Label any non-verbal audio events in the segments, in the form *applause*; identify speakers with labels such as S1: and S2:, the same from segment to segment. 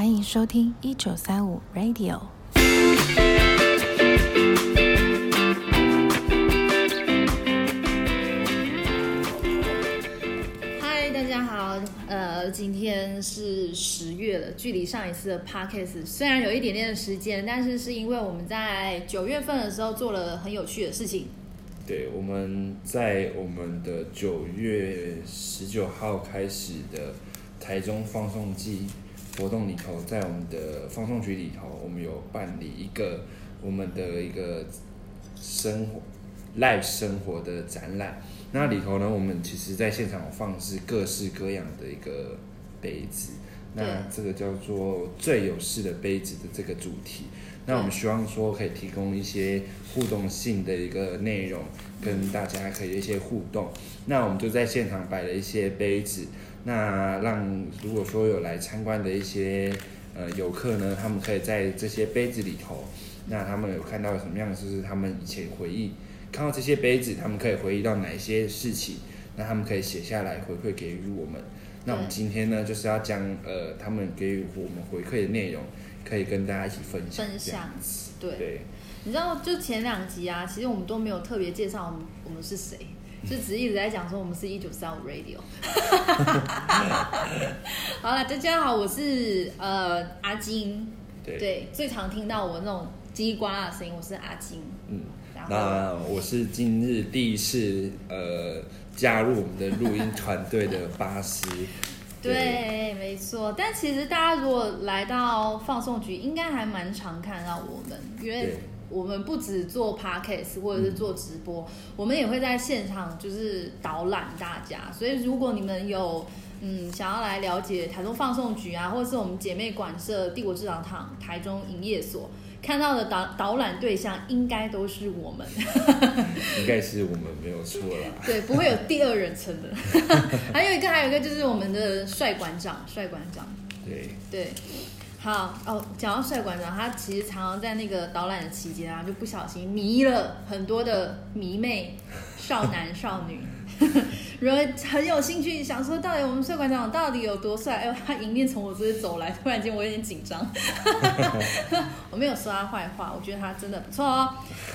S1: 歡迎收聽一九三五 Radio。嗨，大家好，呃，今天是十月了，距離上一次的 podcast 雖然有一點點的時間，但是是因為我們在九月份的時候做了很有趣的事情。
S2: 對，我們在我們的九月十九號開始的台中放送季。活動裡頭，在我們的放送局裡頭，我們有辦理一個我們的一個生活 Light Up 聲活的展覽。那裡頭呢，我們其實在現場有放置各式各樣的一個杯子。那這個叫做最有事的杯子的這個主題。那我們希望說可以提供一些互動性的一個內容，跟大家可以一些互動。那我們就在現場擺了一些杯子。那讓如果說有來參觀的一些呃遊客呢，他們可以在這些杯子裡頭，那他們有看到什麼樣的？就是他們以前回憶看到這些杯子，他們可以回憶到哪些事情？那他們可以寫下來回饋給予我們。那我們今天呢，對，就是要將呃他們給予我們回饋的內容，可以跟大家一起分享。分享，
S1: 對。對，你知道就前兩集啊，其實我們都沒有特別介紹我們，我們是誰？就只一直在講說我們是一九三五 Radio， *laughs* *laughs* 好了，大家好，我是呃阿金，對，對最常聽到我那種嘰呱的聲音，我是阿金。嗯，然
S2: 後我是今日第一次呃加入我們的錄音團隊的巴斯。
S1: *laughs* 對，對沒錯。但其實大家如果來到放送局，應該還蠻常看到我們，因為。我們不只做 podcast 或者是做直播，嗯、我們也會在現場就是導覽大家。所以如果你們有嗯想要來了解台中放送局啊，或是我們姐妹館舍帝國製糖廠台中營業所看到的導導覽對象，應該都是我們， *laughs* 應
S2: 該是我們沒有錯了。 *laughs* 對，
S1: 不會有第二人稱的。 *laughs* 還有一個，還有一個就是我們的帥館長，帥館長。對。對。好哦，講到帥館長，他其實常常在那個導覽的期間啊，就不小心迷了很多的迷妹少男少女，然後 *laughs* 很有興趣想說，到底我們帥館長到底有多帥？哎呦，他迎面從我這邊走來，突然間我有點緊張， *laughs* *laughs* 我沒有說他壞話，我覺得他真的不錯哦。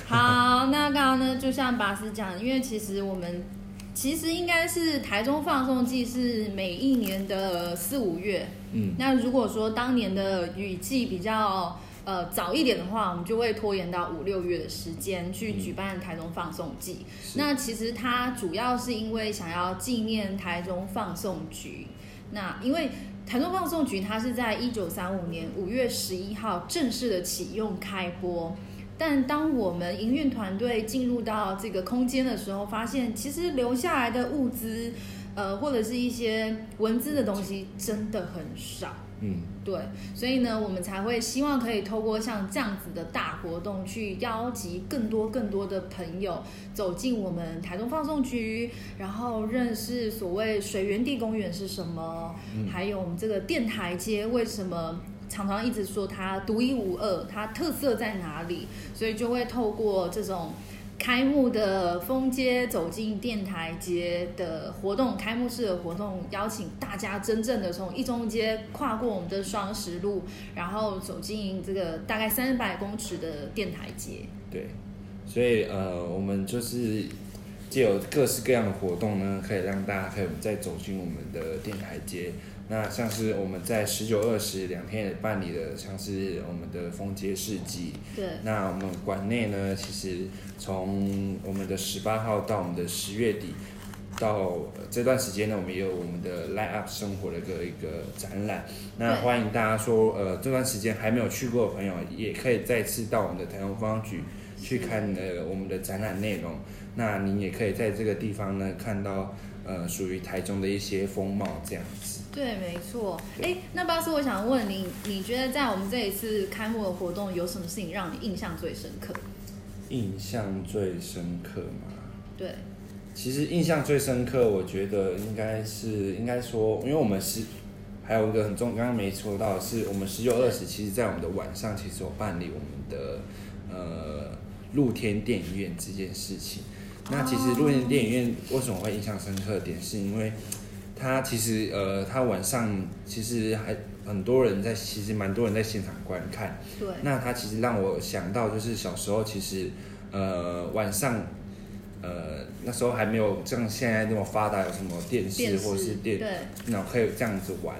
S1: 好，那剛剛呢，就像巴斯講，因為其實我們。其實應該是台中放送季是每一年的四五月。嗯，那如果說當年的雨季比較呃早一點的話，我們就會拖延到五六月的時間去舉辦台中放送季。嗯，那其實它主要是因為想要紀念台中放送局。那因為台中放送局它是在一九三五年五月十一號正式的啟用開播。但當我們營運團隊進入到這個空間的時候，發現其實留下來的物資，呃，或者是一些文字的東西，真的很少。嗯，對，所以呢，我們才會希望可以透過像這樣子的大活動，去邀集更多更多的朋友走進我們臺中放送局，然後認識所謂水源地公園是什麼，嗯、還有我們這個電台街為什麼。常常一直說它獨一無二，它特色在哪裡？所以就會透過這種開幕的封街走進電台街的活動，開幕式的活動，邀請大家真正的從一中街跨過我們的雙十路，然後走進這個大概三百公尺的電台街。
S2: 對，所以呃，我們就是借由各式各樣的活動呢，可以讓大家可以再走進我們的電台街。那像是我們在十九、二十兩天也辦理了，像是我們的封街市集。對。那我們館內呢，其實從我們的十八號到我們的十月底，到這段時間呢，我們也有我們的 Light Up 聲活的一個一個展覽。對那歡迎大家說，呃，這段時間還沒有去過的朋友，也可以再次到我們的台中觀光局去看是呃我們的展覽內容。那您也可以在這個地方呢，看到呃屬於台中的一些風貌這樣子。
S1: 對，沒錯。誒，那巴斯，我想問你，你覺得在我們這一次開幕的活動，有什麼事情讓你印象最深刻？
S2: 印象最深刻嗎？對。其實印象最深刻，我覺得應該是應該說，因為我們是還有一個很重，剛剛沒說到的是，我們十九二十，其實，在我們的晚上，其實有辦理我們的呃露天電影院這件事情。那其實露天電影院為什麼會印象深刻的點是因為。他其實呃，他晚上其實還很多人在，其實蠻多人在現場觀看。對。那他其實讓我想到，就是小時候其實，呃，晚上，呃，那時候還沒有像現在那麼發達，有什麼電視或者是電，電視，對，那可以這樣子玩。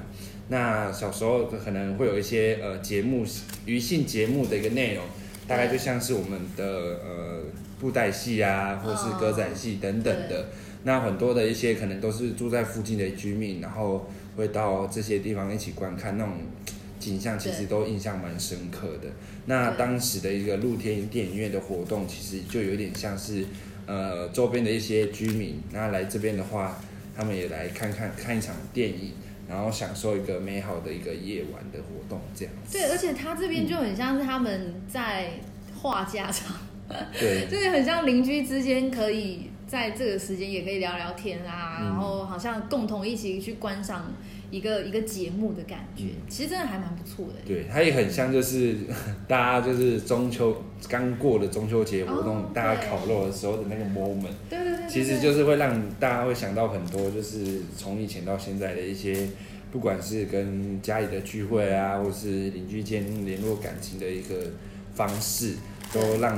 S2: 那小時候可能會有一些呃節目，娛性節目的一個內容，對大概就像是我們的呃布袋戲啊，或是歌仔戲等等的。Oh, 那很多的一些可能都是住在附近的居民，然後會到這些地方一起觀看那種景象，其實都印象蠻深刻的。對那當時的一個露天電影院的活動，對其實就有點像是，呃，周邊的一些居民，那來這邊的話，他們也來看看看一場電影，然後享受一個美好的一個夜晚的活動這樣子。
S1: 對，而且他這邊就很像是他們在話家常，對， *laughs* 就是很像鄰居之間可以。在這個時間也可以聊聊天啊，嗯、然後好像共同一起去觀賞一個一個節目的感覺，嗯、其實真的還蠻不錯的。
S2: 對，它也很像就是大家就是中秋剛過的中秋節活動，哦、大家烤肉的時候的那個 moment。
S1: 對對，對對對。其實就是
S2: 會讓大家會想到很多，就是從以前到現在的一些，不管是跟家裡的聚會啊，或是鄰居間聯絡感情的一個方式，都讓。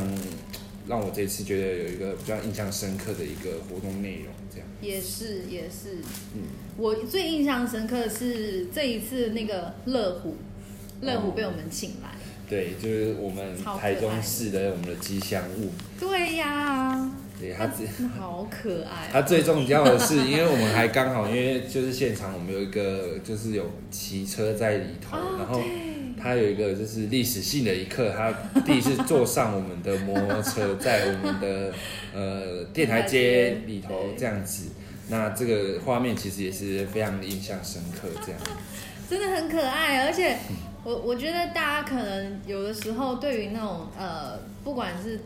S2: 讓我這次覺得有一個比較印象深刻的一個活動內容，這樣。
S1: 也是也是，也是嗯、我最印象深刻的是這一次那個樂虎，哦、樂虎被我們請來，
S2: 對，就是我們台中市的我們的吉祥物，
S1: 對呀、啊。對他這，啊，好可愛，啊。他最重要的是，因為我們還
S2: 剛好， *laughs* 因為就是現場我們有一個，就是有騎車在裡頭，哦，然後他有一個就是歷史性的一刻，他第一次坐上我們的摩托車， *laughs* 在我們的呃電台街裡頭這樣子。那這個畫面其實也是非常印象深刻，這樣
S1: *laughs* 真的很可愛。而且我我覺得大家可能有的時候對於那種呃，不管是。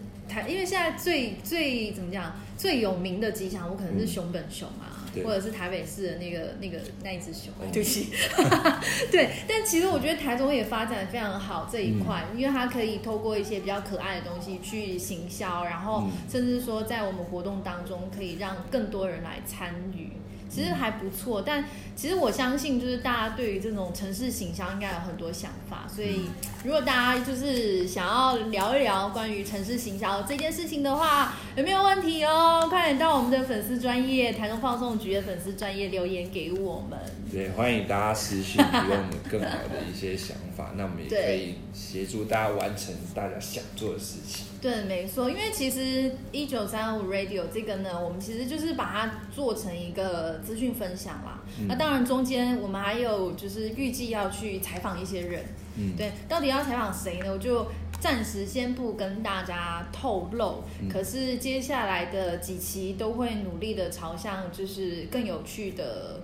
S1: 因為現在最最怎麼講，最有名的吉祥物可能是熊本熊啊，嗯、或者是台北市的那個那個那一隻熊，哈哈， *laughs* 對。但其實我覺得台中也發展非常好這一塊，嗯、因為它可以透過一些比較可愛的東西去行銷，然後甚至說在我們活動當中可以讓更多人來參與。其實還不錯，但其實我相信，就是大家對於這種城市行銷應該有很多想法。所以，如果大家就是想要聊一聊關於城市行銷這件事情的話，有沒有問題哦？快點到我們的粉絲專頁，台中放送局的粉絲專頁留言給我們。
S2: 對，歡迎大家私信，給我們更好的一些想法， *laughs* 那我們也可以協助大家完成大家想做的事情。
S1: 對，沒錯，因為其實一九三五 radio 這個呢，我們其實就是把它做成一個資訊分享啦。那、嗯啊、當然，中間我們還有就是預計要去採訪一些人，嗯，對，到底要採訪誰呢？我就暫時先不跟大家透露。嗯、可是接下來的幾期都會努力的朝向就是更有趣的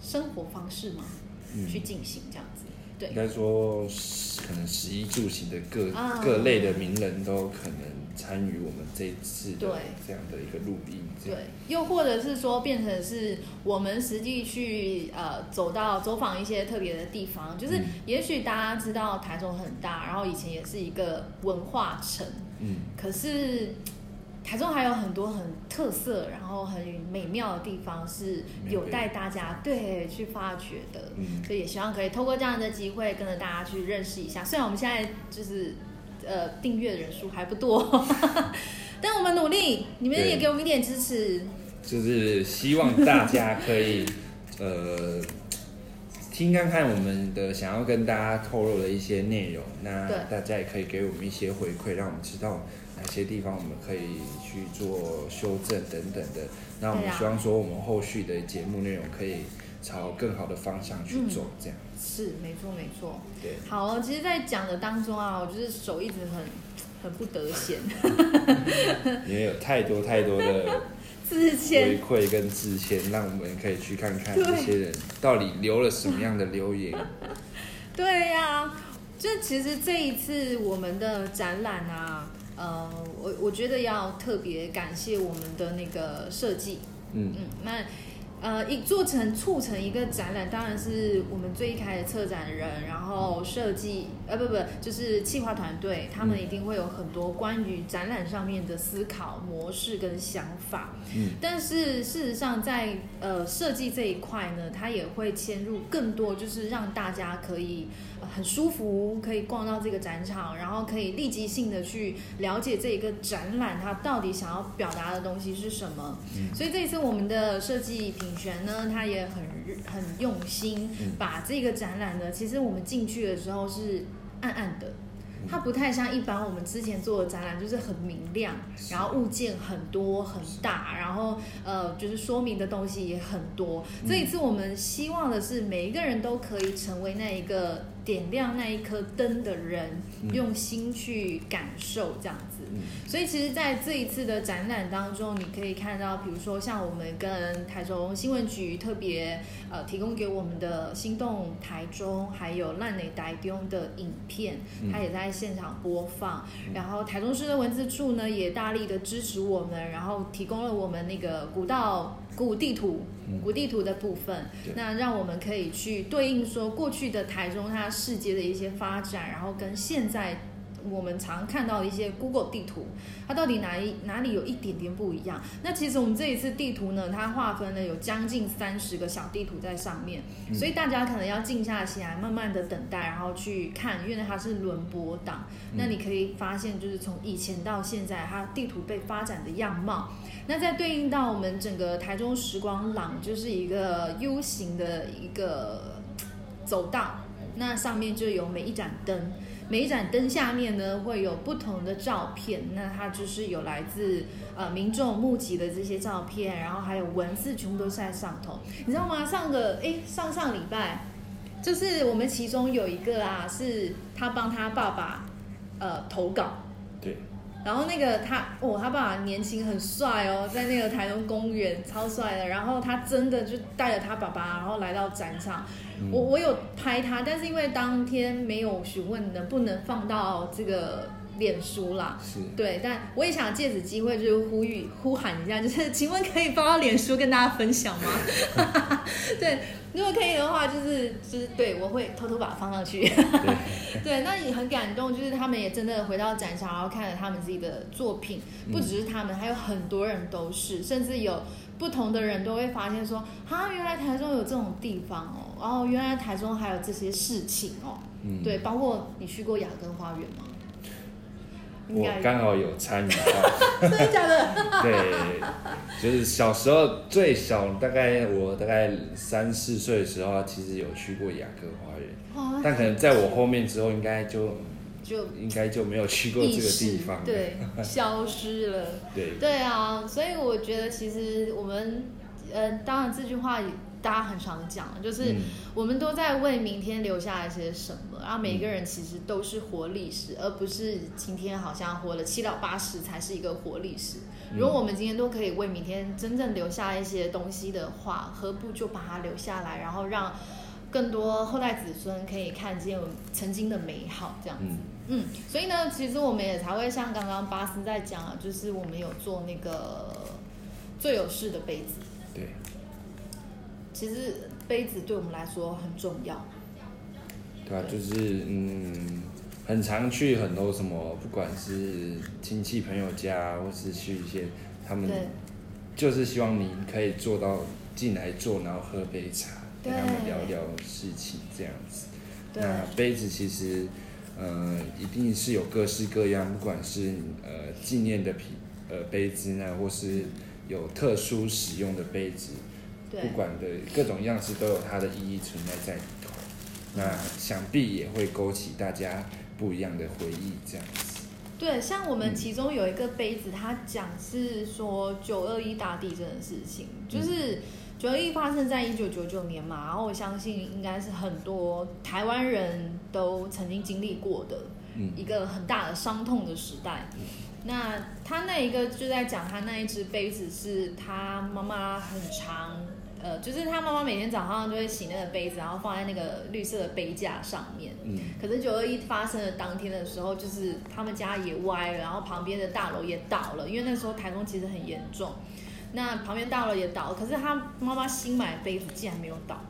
S1: 生活方式嘛，嗯、去進行這樣子。對應該
S2: 說，可能衣食住行的各、嗯、各類的名人都可能參與我們這次的這樣的一個錄音。對，
S1: 樣對，又或者是說，變成是我們實際去呃走到走訪一些特別的地方，就是也許大家知道台中很大，然後以前也是一個文化城，嗯，可是。台中還有很多很特色，然後很美妙的地方是有待大家對去發掘的，所以也希望可以透過這樣的機會，跟着大家去認識一下。雖然我們現在就是呃訂閱的人數還不多，但我們努力，你們也給我們一點支持。
S2: 就是希望大家可以呃聽看看我們的想要跟大家透露的一些內容，那大家也可以給我們一些回饋，讓我們知道。哪些地方我們可以去做修正等等的？那我們希望說，我們後續的節目內容可以朝更好的方向去做。這樣、嗯、
S1: 是沒錯，沒錯。對，好，其實，在講的當中啊，我就是手一直很很不得閒，因
S2: 為 *laughs* 有太多太多的回饋跟自歉，讓我們可以去看看這些人到底留了什麼樣的留言。
S1: 對呀、啊，就其實這一次我們的展覽啊。呃，我我覺得要特別感謝我們的那個設計，嗯嗯，那呃，一做成促成一個展覽，當然是我們最一開始策展的人，然後設計，呃不不，就是企劃團隊，他們一定會有很多關於展覽上面的思考模式跟想法，嗯，但是事實上在呃設計這一塊呢，它也會遷入更多，就是讓大家可以。很舒服，可以逛到這個展場，然後可以立即性的去了解這一個展覽，它到底想要表達的東西是什麼。所以這一次我們的設計品選呢，他也很很用心，把這個展覽呢，其實我們進去的時候是暗暗的。它不太像一般我們之前做的展覽，就是很明亮，然後物件很多很大，然後呃，就是說明的東西也很多。這一次我們希望的是，每一個人都可以成為那一個點亮那一顆燈的人，用心去感受這樣子。所以其實，在這一次的展覽當中，你可以看到，比如說像我們跟台中新聞局特別呃提供給我們的《心動台中》還有《爛尾台中》的影片，它也在現場播放。然後台中市的文字處呢，也大力的支持我們，然後提供了我們那個古道古地圖古地圖的部分，那讓我們可以去對應說過去的台中它市街的一些發展，然後跟現在。我們常看到的一些 Google 地圖，它到底哪一哪裡有一點點不一樣？那其實我們這一次地圖呢，它劃分了有將近三十個小地圖在上面，嗯、所以大家可能要靜下心來，慢慢的等待，然後去看，因為它是輪播檔。嗯、那你可以發現，就是從以前到現在，它地圖被發展的樣貌。那再對應到我們整個台中時光廊，就是一個 U 形的一個走道，那上面就有每一盞燈。每一盞燈下面呢，會有不同的照片。那它就是有來自呃民眾募集的這些照片，然後還有文字，全部都在上頭。你知道嗎？上個誒，上上禮拜，就是我們其中有一個啊，是他幫他爸爸，呃，投稿。對。然後那個他，哦，他爸爸年輕很帥哦，在那個台中公園超帥的。然後他真的就帶着他爸爸，然後來到展場。嗯、我我有拍他，但是因為當天沒有詢問能不能放到這個臉書啦，是對。但我也想借此機會就是呼籲呼喊一下，就是請問可以放到臉書跟大家分享嗎？ *laughs* *laughs* 對。如果可以的話、就是，就是就是對我會偷偷把它放上去。對, *laughs* 對，那你很感動，就是他們也真的回到展場，然後看了他們自己的作品，不只是他們，還有很多人都是，甚至有不同的人都會發現說，啊，原來台中有這種地方哦，哦，原來台中還有這些事情哦。嗯，對，包括你去過雅根花園嗎？我剛
S2: 好有參與到，真的假的？
S1: *laughs* 對，
S2: 就是小時候最小，大概我大概三四歲的時候，其實有去過亞哥花園，啊、但可能在我後面之後應，就應該就就應該就沒有去過這個地方，對，
S1: 消失了。 *laughs* 對對啊，所以我覺得其實我們，呃，當然這句話。大家很常講，就是我們都在為明天留下一些什麼，然後、嗯啊、每一個人其實都是活歷史，嗯、而不是今天好像活了七老八十才是一個活歷史。嗯、如果我們今天都可以為明天真正留下一些東西的話，何不就把它留下來，然後讓更多後代子孫可以看見曾經的美好，這樣子。嗯，嗯，所以呢，其實我們也才會像剛剛巴斯在講啊，就是我們有做那個最有事的杯子，對。
S2: 其實杯子對我們來說很重要，對，對啊，就是嗯，很常去很多什麼，不管是親戚朋友家、啊，或是去一些他們，就是希望你可以坐到進來坐，對然後喝杯茶，跟他們聊聊事情這樣子。對那杯子其實，呃，一定是有各式各樣，不管是呃紀念的品呃杯子呢、呃，或是有特殊使用的杯子。對不管的各種樣式都有它的意義存在在裡頭，那想必也會勾起大家不一樣的回憶，這樣子。
S1: 對，像我們其中有一個杯子，嗯、它講是說九二一大地震的事情，就是九二一發生在一九九九年嘛，然後我相信應該是很多台灣人都曾經經歷過的，一個很大的傷痛的時代。嗯、那他那一個就在講他那一隻杯子是他媽媽很長。呃，就是他媽媽每天早上都會洗那個杯子，然後放在那個綠色的杯架上面。嗯。可是九二一發生的當天的時候，就是他們家也歪了，然後旁邊的大樓也倒了，因為那時候台風其實很嚴重，那旁邊大樓也倒了。可是他媽媽新買的杯子竟然沒有倒，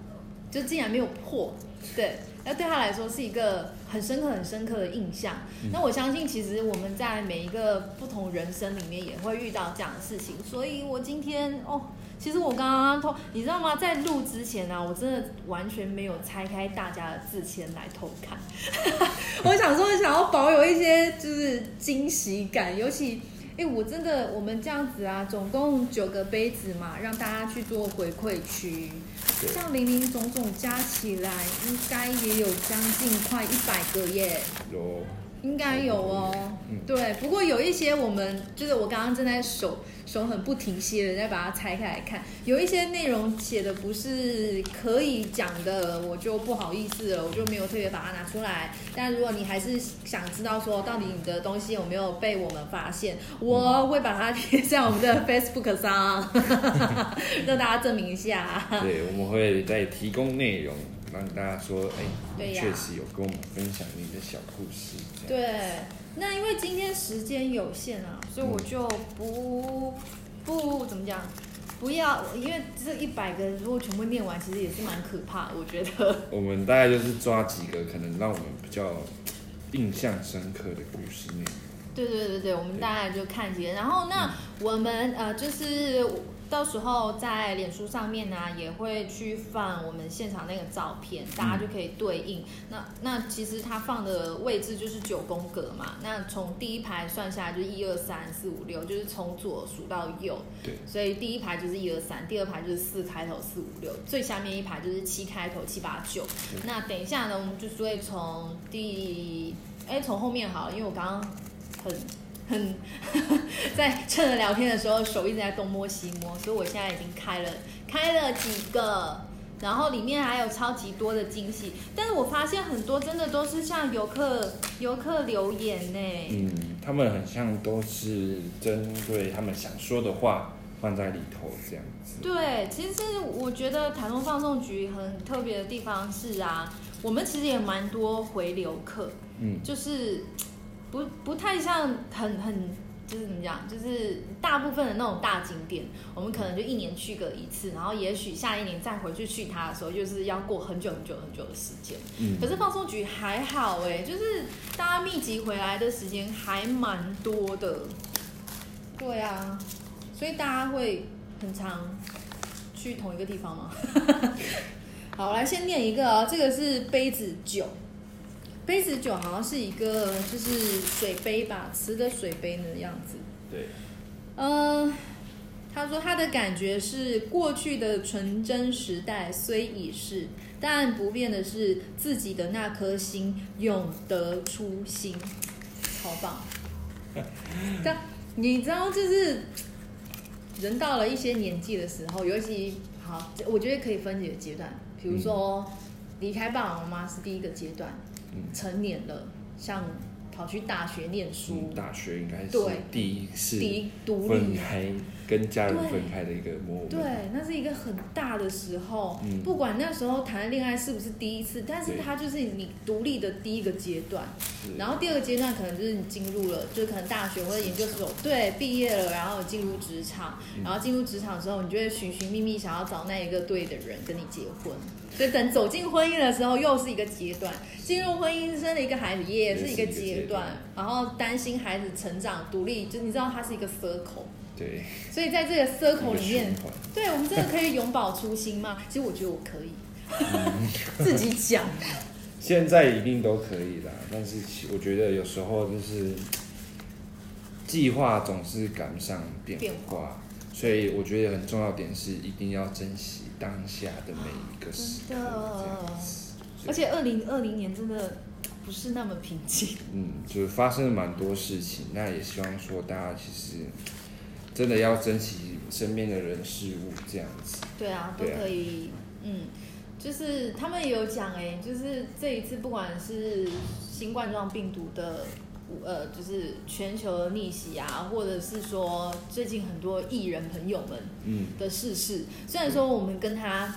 S1: 就竟然沒有破。對，那對他來說是一個很深刻、很深刻的印象。嗯、那我相信，其實我們在每一個不同人生裡面也會遇到這樣的事情，所以我今天哦。其實我剛剛偷，你知道嗎？在錄之前呢、啊，我真的完全沒有拆開大家的字簽來偷看。 *laughs* 我想說，想要保有一些就是驚喜感，尤其哎，我真的我們這樣子啊，總共九個杯子嘛，讓大家去做回饋區，對像林林總總加起來，應該也有將近快一百個耶。有。應該有哦、嗯，嗯、對，不過有一些我們就是我剛剛正在手手很不停歇的在把它拆開來看，有一些內容寫的不是可以講的，我就不好意思了，我就沒有特別把它拿出來。但如果你還是想知道說到底你的東西有沒有被我們發現，我會把它貼在我們的 Facebook 上，嗯、 *laughs* 讓大家證明一下。對，我
S2: 們會再提供內容。讓大家說，哎，你確實有跟我們分享你的小故事。對，
S1: 那因為今天時間有限啊，所以我就不、嗯、不怎麼講，不要，因為這一百個如果全部念完，其實也是蠻可怕，我覺得。
S2: 我們大概就是抓幾個可能讓我們比較印象深刻的故事內容。
S1: 對對對對，我們大概就看幾個，然後那、嗯、我們呃就是。到時候在臉書上面呢、啊，也會去放我們現場那個照片，大家就可以對應。嗯、那那其實它放的位置就是九宮格嘛。那從第一排算下來就是一二三四五六，就是從左數到右。對。所以第一排就是一二三，第二排就是四開頭四五六，最下面一排就是七開頭七八九。那等一下呢，我們就所以從第哎從、欸、後面好了，因為我剛剛很。很 *laughs* 在趁着聊天的時候，手一直在東摸西摸，所以我現在已經開了開了幾個，然後裡面還有超級多的驚喜。但是我發現很多真的都是像遊客遊客留言呢。嗯，
S2: 他們很像都是針對他們想說的話放在裡頭這樣子。
S1: 對，其實我覺得臺中放送局很特別的地方是啊，我們其實也蠻多回流客，嗯，就是。不不太像很很就是怎麼講，就是大部分的那種大景點，我們可能就一年去個一次，然後也許下一年再回去去它的時候，就是要過很久很久很久的時間。嗯、可是放送局還好哎，就是大家密集回來的時間還蠻多的，對啊，所以大家會很常去同一個地方嗎？ *laughs* 好，我來先念一個啊、哦，這個是杯子酒。杯子就好像是一個，就是水杯吧，瓷的水杯的樣子。
S2: 對，
S1: 嗯，他說他的感覺是過去的純真時代雖已逝，但不變的是自己的那顆心，永得初心。超棒！ *laughs* 但你知道，就是人到了一些年紀的時候，尤其好，我覺得可以分幾個階段，比如說、哦嗯、離開爸爸媽媽是第一個階段。成年了，像跑去大學念書，嗯、大
S2: 學應該是第一次，第一獨立開跟家人分開的一個 moment，對。
S1: 對，那是一個很大的時候。嗯，不管那時候談的戀愛是不是第一次，但是它就是你獨立的第一個階段。對然後第二個階段可能就是你進入了，就是可能大學或者研究所，對，畢業了，然後進入職場。然後進入職場之後，你就會尋尋覓覓，想要找那一個對的人跟你結婚。對，等走進婚姻的時候，又是一個階段；進入婚姻生了一個孩子，也是一個階段。然後擔心孩子成長獨立，就你知道，他是一個 circle。
S2: 對。
S1: 所以在這個 circle 裡面，個對我們真的可以永葆初心嗎？ *laughs* 其實我覺得我可以，嗯、 *laughs* 自己講。
S2: 現在一定都可以啦，但是我覺得有時候就是計劃總是趕不上變化，變化。所以我覺得很重要點是一定要珍惜。當下的每一個時刻
S1: 這樣子、啊，真的而且，二零二零年真的不是那麼平靜。嗯，就
S2: 是發生了蠻多事情。那也希望說，大家其實真的要珍惜身邊的人事物，這樣子。
S1: 對啊，都可以。啊、嗯，就是他們也有講哎、欸，就是這一次不管是新冠狀病毒的。呃，就是全球的疫情啊，或者是說最近很多藝人朋友們的事嗯的逝世，雖然說我們跟他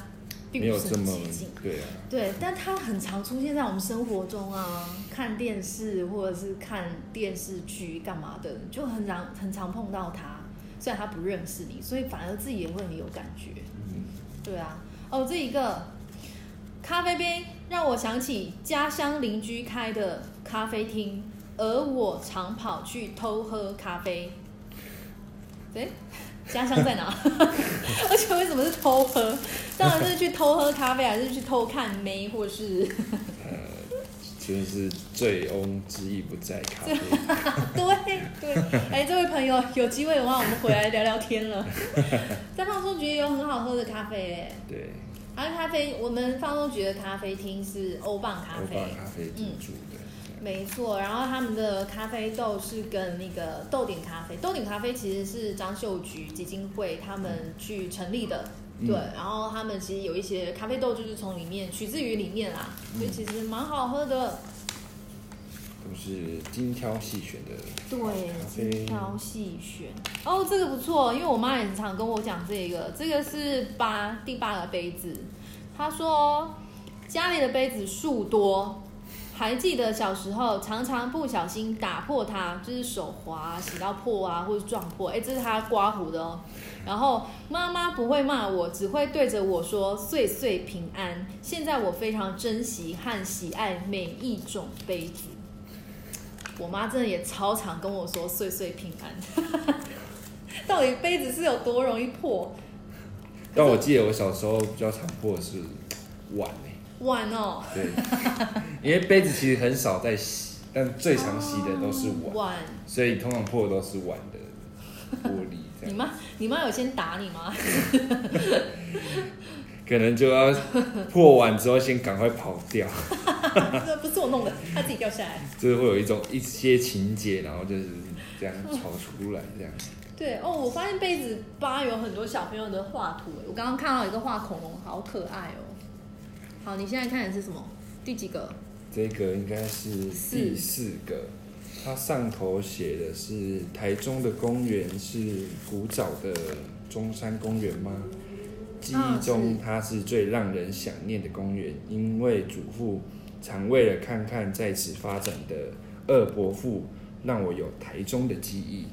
S1: 並沒有，什麼沒有這麼對啊對，但他很常出現在我們生活中啊，看電視或者是看電視劇幹嘛的，就很常很常碰到他。雖然他不認識你，所以反而自己也會很有感覺。嗯、對啊，哦，這一個咖啡杯讓我想起家鄉鄰居開的咖啡廳，而我常跑去偷喝咖啡，對、欸，家鄉在哪？ *laughs* 而且為什麼是偷喝？當然是去偷喝咖啡，還是去偷看妹，或是、
S2: 呃？其、就、實是醉翁之意不在咖啡。對
S1: 對，哎、欸，這位朋友有機會的話，我們回來聊聊天了。在放送局也有很好喝的咖啡、欸。對，啊，咖啡，我們放送局的咖啡廳是歐棒咖啡，歐棒咖啡進駐的沒錯，然後他們的咖啡豆是跟那個豆點咖啡，豆點咖啡其實是張秀菊基金會他們去成立的，嗯、對，然後他們其實有一些咖啡豆就是從裡面取自於裡面啦，嗯、所以其實蠻好喝的，
S2: 都是精挑細選的，
S1: 對，精挑細選。哦、oh，這個不錯，因為我媽也常跟我講這個，這個是八第八個杯子，她說家裡的杯子數多。還記得小時候常常不小心打破它，就是手滑、啊、洗到破啊，或者撞破。哎、欸，這是他刮胡的哦。然後媽媽不會罵我，只會對着我說“歲歲平安”。現在我非常珍惜和喜愛每一種杯子。我媽真的也超常跟我說“歲歲平安。” *laughs* 到底杯子是有多容易破？
S2: 但我記得我小時候比較常破的是碗。
S1: 碗玩哦，對，
S2: 因為杯子其實很少在洗，但最常洗的都是碗，碗，所以通常破的都是碗的
S1: 玻璃。你媽，你媽有先打你嗎？
S2: 可能就要破完之後先趕快跑掉。
S1: 不是我弄的，它自己掉下來。
S2: 就是會有一種一些情節，然後就是這樣吵出來這樣。
S1: 對哦，我發現杯子吧有很多小朋友的畫圖、欸，我剛剛看到一個畫恐龍，好可愛哦、喔。好，你現在看
S2: 的是什麼？第幾個？這個應該是第四個。它上頭寫的是台中的公園是古早的中山公園嗎？記憶中它是最讓人想念的公園，因為祖父常為了看看在此發展的二伯父，讓我有台中的記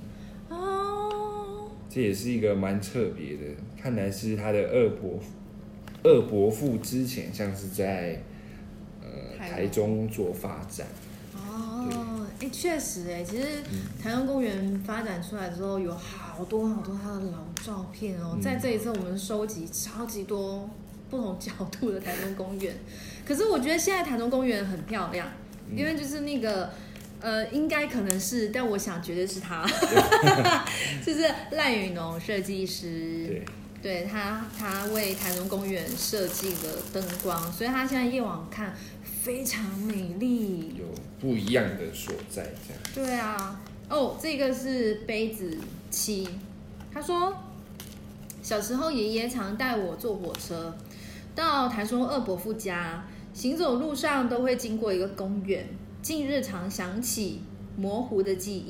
S2: 憶。哦，這也是一個蠻特別的，看來是他的二伯父。二伯父之前像是在、呃、台中做發展
S1: 哦，哎確、oh, 對欸、實哎，其實台中公園發展出來之後，有好多好多他的老照片哦、喔。嗯、在這一次我們收集超級多不同角度的台中公園， *laughs* 可是我覺得現在台中公園很漂亮，因為就是那個、嗯、呃，應該可能是，但我想絕對是他，對 *laughs* 就是賴雨農設計師，對。對他，他為台中公園設計了燈光，所以他現在夜晚看非常美麗，有
S2: 不一樣的所在，
S1: 這樣。對啊，哦、oh，這個是杯子七，他說，小時候爺爺常帶我坐火車到台中二伯父家，行走路上都會經過一個公園，近日常想起。模糊的記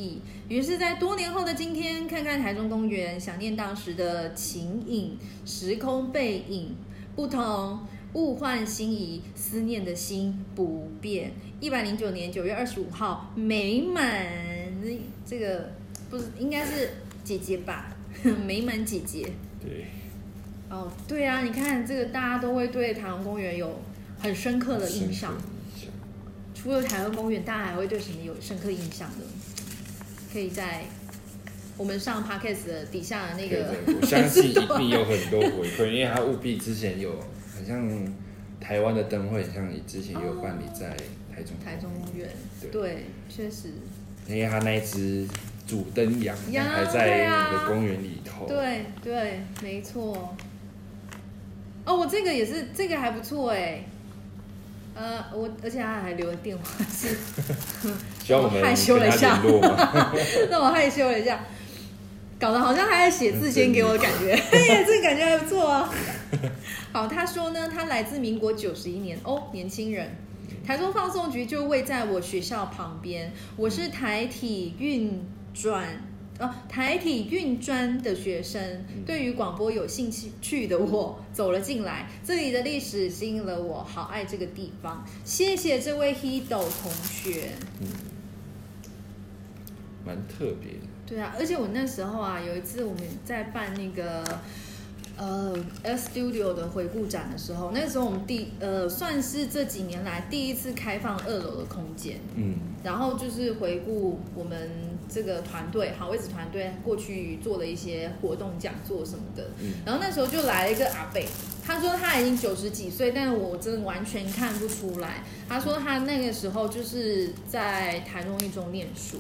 S1: 憶，於是，在多年後的今天，看看台中公園，想念當時的情影，時空背影不同，物換星移，思念的心不變。一百零九年九月二十五號，美滿，這個不是應該是姐姐吧？美滿姐姐，對，哦，對啊，你看這個，大家都會對台中公園有很深刻的印象。除了台灣公園，大家還會對什麼有深刻印象的？可以在我們上 podcast 的底下的那個，對對對，我相信一定有
S2: 很多回饋， *laughs* 因為它務必之前有，很像台灣的燈會，像你之前有辦理在台中，
S1: 哦，台中公園，啊，對，確實，
S2: 因為它那一隻主燈羊還在公園裡頭，對
S1: 對，沒錯。哦，我這個也是，這個還不錯哎。呃，我而且他還留了電話，
S2: 是 *laughs* 美，我害羞了一下，
S1: 讓 *laughs* 我害羞了一下，搞得好像他在寫字先給我的感覺，哎呀，這 *laughs* *laughs* 感覺還不錯啊。好，他說呢，他來自民國九十一年，哦，年輕人，台中放送局就位在我學校旁邊，我是台體運轉。哦，台體運專的學生，對於廣播有興趣的我、嗯、走了進來。這裡的歷史吸引了我，好愛這個地方。謝謝這位 Hedo 同學。嗯，
S2: 蠻特別的。
S1: 對啊，而且我那時候啊，有一次我們在辦那個呃 S Studio 的回顧展的時候，那時候我們第呃算是這幾年來第一次開放二樓的空間。嗯，然後就是回顧我們。這個團隊好位置團隊過去做了一些活動講座什麼的，嗯、然後那時候就來了一個阿伯，他說他已經九十幾歲，但我真的完全看不出來。他說他那個時候就是在台中一中念書，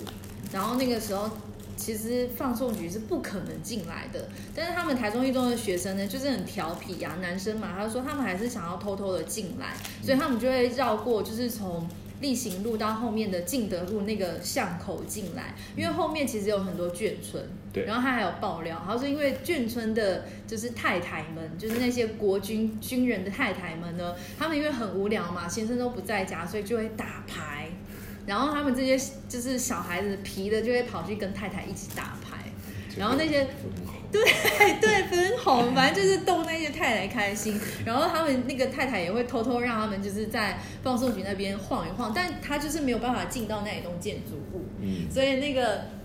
S1: 然後那個時候其實放送局是不可能進來的，但是他們台中一中的學生呢，就是很調皮呀，啊，男生嘛，他說他們還是想要偷偷的進來，所以他們就會繞過，就是從力行路到後面的進德路那個巷口進來，因為後面其實有很多眷村，對。然後他還有爆料，好像是因為眷村的，就是太太們，就是那些國軍軍人的太太們呢，他們因為很無聊嘛，先生都不在家，所以就會打牌，然後他們這些就是小孩子皮的，就會跑去跟太太一起打牌。然後那些，嗯、對對分紅，反正就是逗那些太太開心。然後他們那個太太也會偷偷讓他們就是在放送局那邊晃一晃，但他就是沒有辦法進到那一棟建築物。嗯、所以那個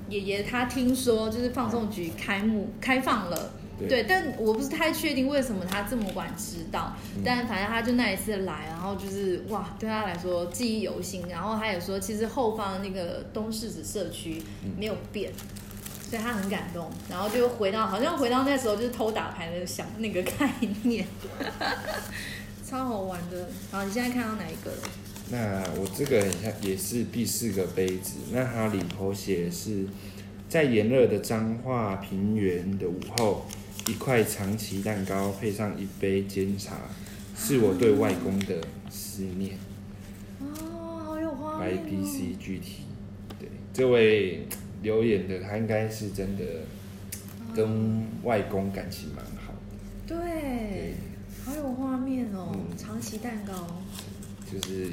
S1: 爺爺他聽說就是放送局開幕開放了，對，對。但我不是太確定為什麼他這麼晚知道，嗯、但反正他就那一次來，然後就是哇，對他來說記憶猶新。然後他也說，其實後方那個東勢子社區沒有變。嗯所以他很感動，然後就回到好像回到那時候就是偷打牌的想那個概念，呵呵，超好玩的。好，你現在看到哪一個了？
S2: 那我這個很像也是第四個杯子，那它裡頭寫的是，在炎熱的彰化平原的午後，一塊長崎蛋糕配上一杯煎茶，是我對外公的思念。
S1: 哦、啊，好有畫面 D
S2: P C G T，對，這位。留言的他應該是真的跟外公感情蠻好
S1: 的，啊、對，對好有畫面哦，嗯、長崎蛋糕，
S2: 就是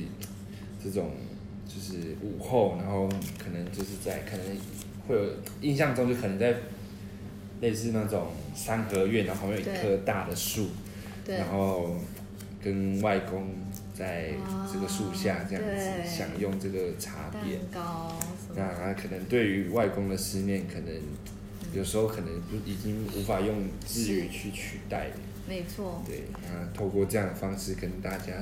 S2: 這種，就是午後，然後可能就是在，可能會有印象中就可能在類似那種三合院，然後有一棵大的樹，對對然後跟外公在這個樹下、啊、這樣子享對用這個茶點蛋糕。
S1: 那
S2: 可能對於外公的思念，可能、嗯、有時候可能就已經無法用字語去取代。嗯、對
S1: 沒錯。
S2: 對，啊，透過這樣的方式跟大家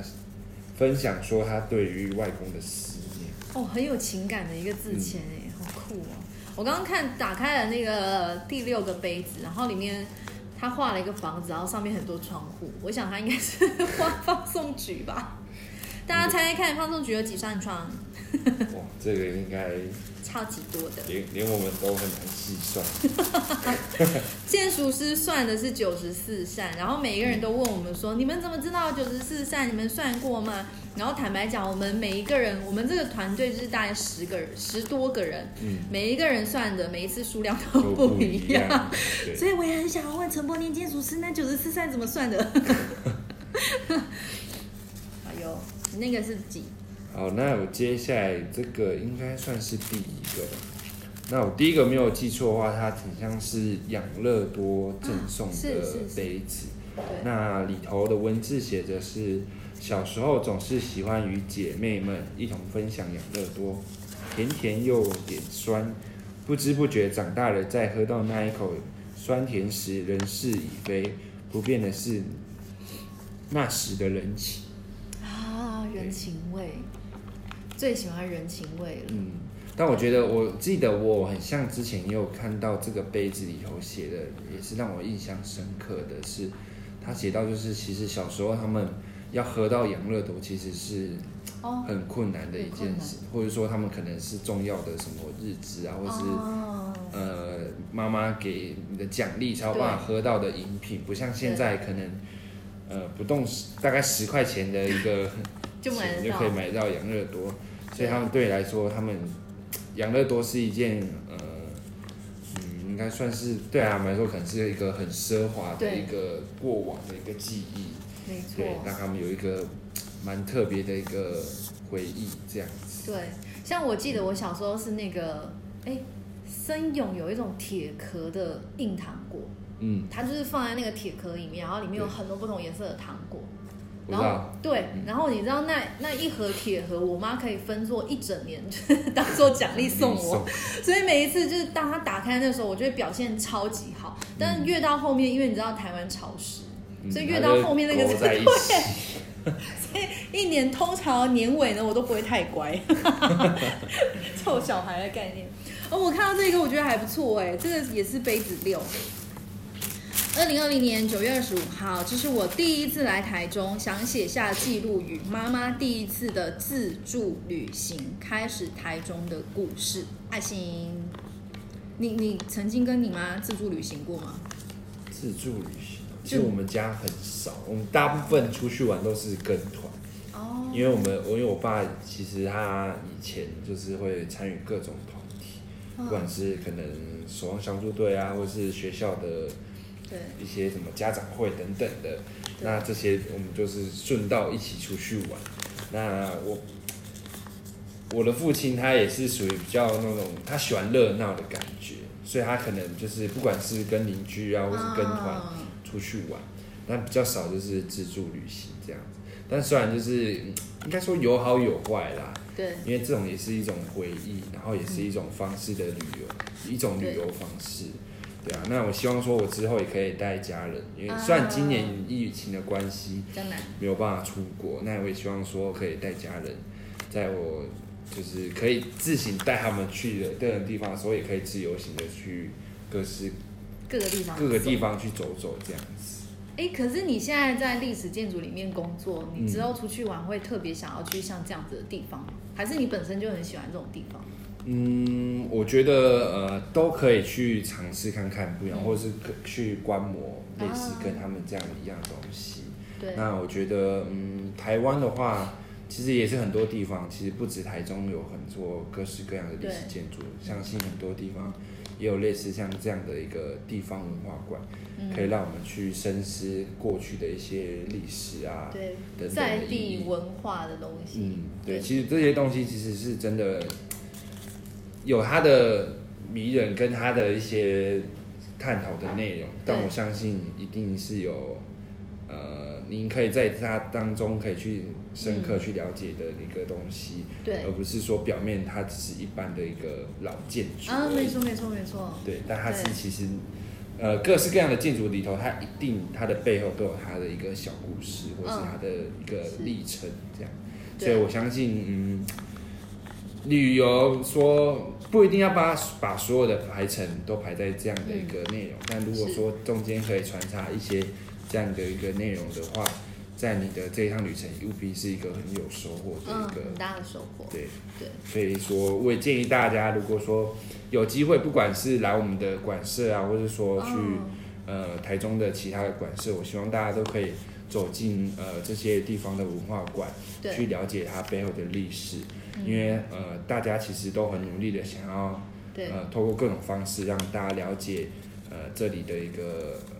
S2: 分享說他對於外公的思
S1: 念。哦，很有情感的一個字簽哎，嗯、好酷哦。我剛剛看打開了那個第六個杯子，然後裡面他畫了一個房子，然後上面很多窗戶，我想他應該是畫放送局吧？ *laughs* 大家猜猜看，放送局有幾扇窗？
S2: 哇，這個應該
S1: 超級多的，
S2: 連連我們都很難計算。
S1: *laughs* 建築師算的是九十四扇，然後每一個人都問我們說：“嗯、你們怎麼知道九十四扇？你們算過嗎？”然後坦白講，我們每一個人，我們這個團隊就是大概十個人，十多個人，嗯、每一個人算的每一次數量都不一樣。一樣，所以我也很想要問陳柏年建築師，那九十四扇怎麼算的？ *laughs*
S2: *laughs* *laughs* 哎
S1: 呦，那個是幾？
S2: 好，那我接下來，這個應該算是第一個。那我第一個沒有記錯的話，它挺像是養樂多贈送的杯子。嗯、那裡頭的文字寫着是：小時候總是喜歡與姐妹們一同分享養樂多，甜甜又有點酸。不知不覺長大了，再喝到那一口酸甜時，人事已非。不變的是那時的人情
S1: 啊，人情味。最喜歡人情味了。嗯，
S2: 但我覺得，我記得我很像之前也有看到這個杯子裡頭寫的，也是讓我印象深刻的是，他寫到就是其實小時候他們要喝到養樂多，其實是很困難的一件事，或者說他們可能是重要的什麼日子啊，或者是呃媽媽給你的獎勵才要喝到的飲品，不像現在可能呃不動十大概十塊錢的一個錢就可以買到養樂多。所以他們對你來說，他們養樂多是一件，呃，嗯，應該算是對他們來說，可能是一個很奢華的一個過往的一個記憶，對，沒錯，讓他們有一個蠻特別的一個回憶這樣子。
S1: 對，像我記得我小時候是那個，哎、欸，森永有一種鐵殼的硬糖果，嗯，它就是放在那個鐵殼裡面，然後裡面有很多不同顏色的糖果。然後對，然後你知道那那一盒鐵盒，我媽可以分作一整年， *laughs* 當做獎勵送我，所以每一次就是當她打開那時候，我就會表現超級好。但是越到後面，因為你知道台灣潮濕，所以越到後面那個是會。所以一年通常年尾呢，我都不會太乖， *laughs* 臭小孩的概念。哦，我看到這個，我覺得還不錯哎，這個也是杯子六。二零二零年九月二十五號，這是我第一次來台中，想寫下記錄與媽媽第一次的自助旅行，開始台中的故事。愛心，你你曾經跟你媽自助旅行過嗎？
S2: 自助旅行其實我們家很少，就我們大部分出去玩都是跟團哦。因為我們我因為我爸其實他以前就是會參與各種團體，哦、不管是可能守望相助隊啊，或是學校的。對一些什麼家長會等等的，對那這些我們就是順道一起出去玩。那我，我的父親他也是屬於比較那種，他喜歡熱鬧的感覺，所以他可能就是不管是跟鄰居啊，或是跟團出去玩，那、哦、比較少就是自助旅行這樣。但雖然就是應該說有好有壞啦，對，因為這種也是一種回憶，然後也是一種方式的旅遊，嗯、一種旅遊方式。對啊、那我希望說，我之後也可以帶家人，因為雖然今年疫情的關係沒有辦法出國，啊、當然、那我也希望說可以帶家人，在我就是可以自行帶他們去的這種地方的時候，對也可以自由行的去各式
S1: 各個地方，各個地
S2: 方去走走這樣子。
S1: 欸、可是你現在在歷史建築裡面工作，你之後出去玩會特別想要去像這樣子的地方，嗯、還是你本身就很喜歡這種地方？
S2: 嗯，我覺得呃都可以去嘗試看看，不一樣，或者是去觀摩類似跟他們這樣一樣的東西。啊、對，那我覺得，嗯，台灣的話，其實也是很多地方，其實不止台中有很多各式各樣的歷史建築，對相信很多地方也有類似像這樣的一個地方文化館，嗯、可以讓我們去深思過去的一些歷史啊，對等等在地
S1: 文化的東西。
S2: 嗯，對，其實這些東西其實是真的。有他的迷人，跟他的一些探討的內容，但我相信一定是有，呃，您可以在他當中可以去深刻去了解的一個東西，對，而不是說表面它只是一般的一個老建築。啊，
S1: 沒錯，沒錯，沒錯。對，但它是
S2: 其實，呃，各式各樣的建築裡頭，它一定它的背後都有它的一個小故事，或是它的一個歷程，這樣。所以我相信，嗯。旅遊說不一定要把把所有的排程都排在這樣的一個內容，但如果說中間可以穿插一些這樣的一個內容的話，在你的這一趟旅程務必是一個很有收穫的一個很大的收穫。對對，所以說我也建議大家，如果說有機會，不管是來我們的館舍啊，或者說去呃台中的其他的館舍，我希望大家都可以走進呃這些地方的文化館，去了解它背後的歷史。嗯、因為呃，大家其實都很努力的想要，呃，通過各種方式讓大家了解，呃，這裡的一個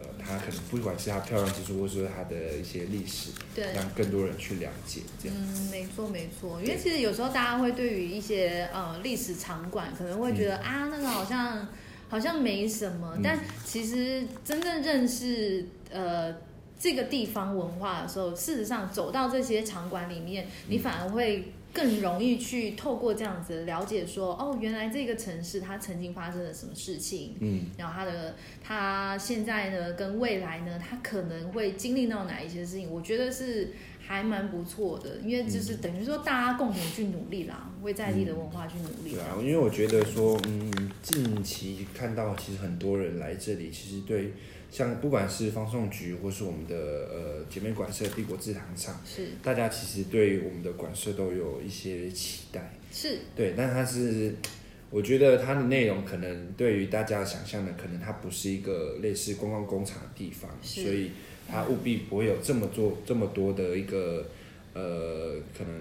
S2: 呃，它可能不管是它漂亮之處，或是它的一些歷
S1: 史，對，讓
S2: 更多人去了解。這樣，
S1: 嗯，沒錯沒錯。因為其實有時候大家會對於一些呃歷史場館，可能會覺得、嗯、啊，那個好像好像沒什麼，嗯、但其實真正認識呃這個地方文化的時候，事實上走到這些場館裡面，你反而會。嗯更容易去透過這樣子了解說，說哦，原來這個城市它曾經發生了什麽事情，嗯，然後它的它現在呢，跟未來呢，它可能會經歷到哪一些事情，我覺得是還蠻不錯的，因為就是等於說大家共同去努力啦，嗯，為在地的文化去努力，嗯。對啊，因
S2: 為我覺得說，嗯，近期看到其實很多人來這裡，其實對。像不管是放送局，或是我們的呃姐妹館舍帝國製糖廠，是大家其實對我們的館舍都有一些期待，是，對，但它是，我覺得它的內容可能對於大家想象的，可能它不是一個類似觀光工廠的地方，是所以它務必不會有這麼做、嗯、這麼多的一個呃可能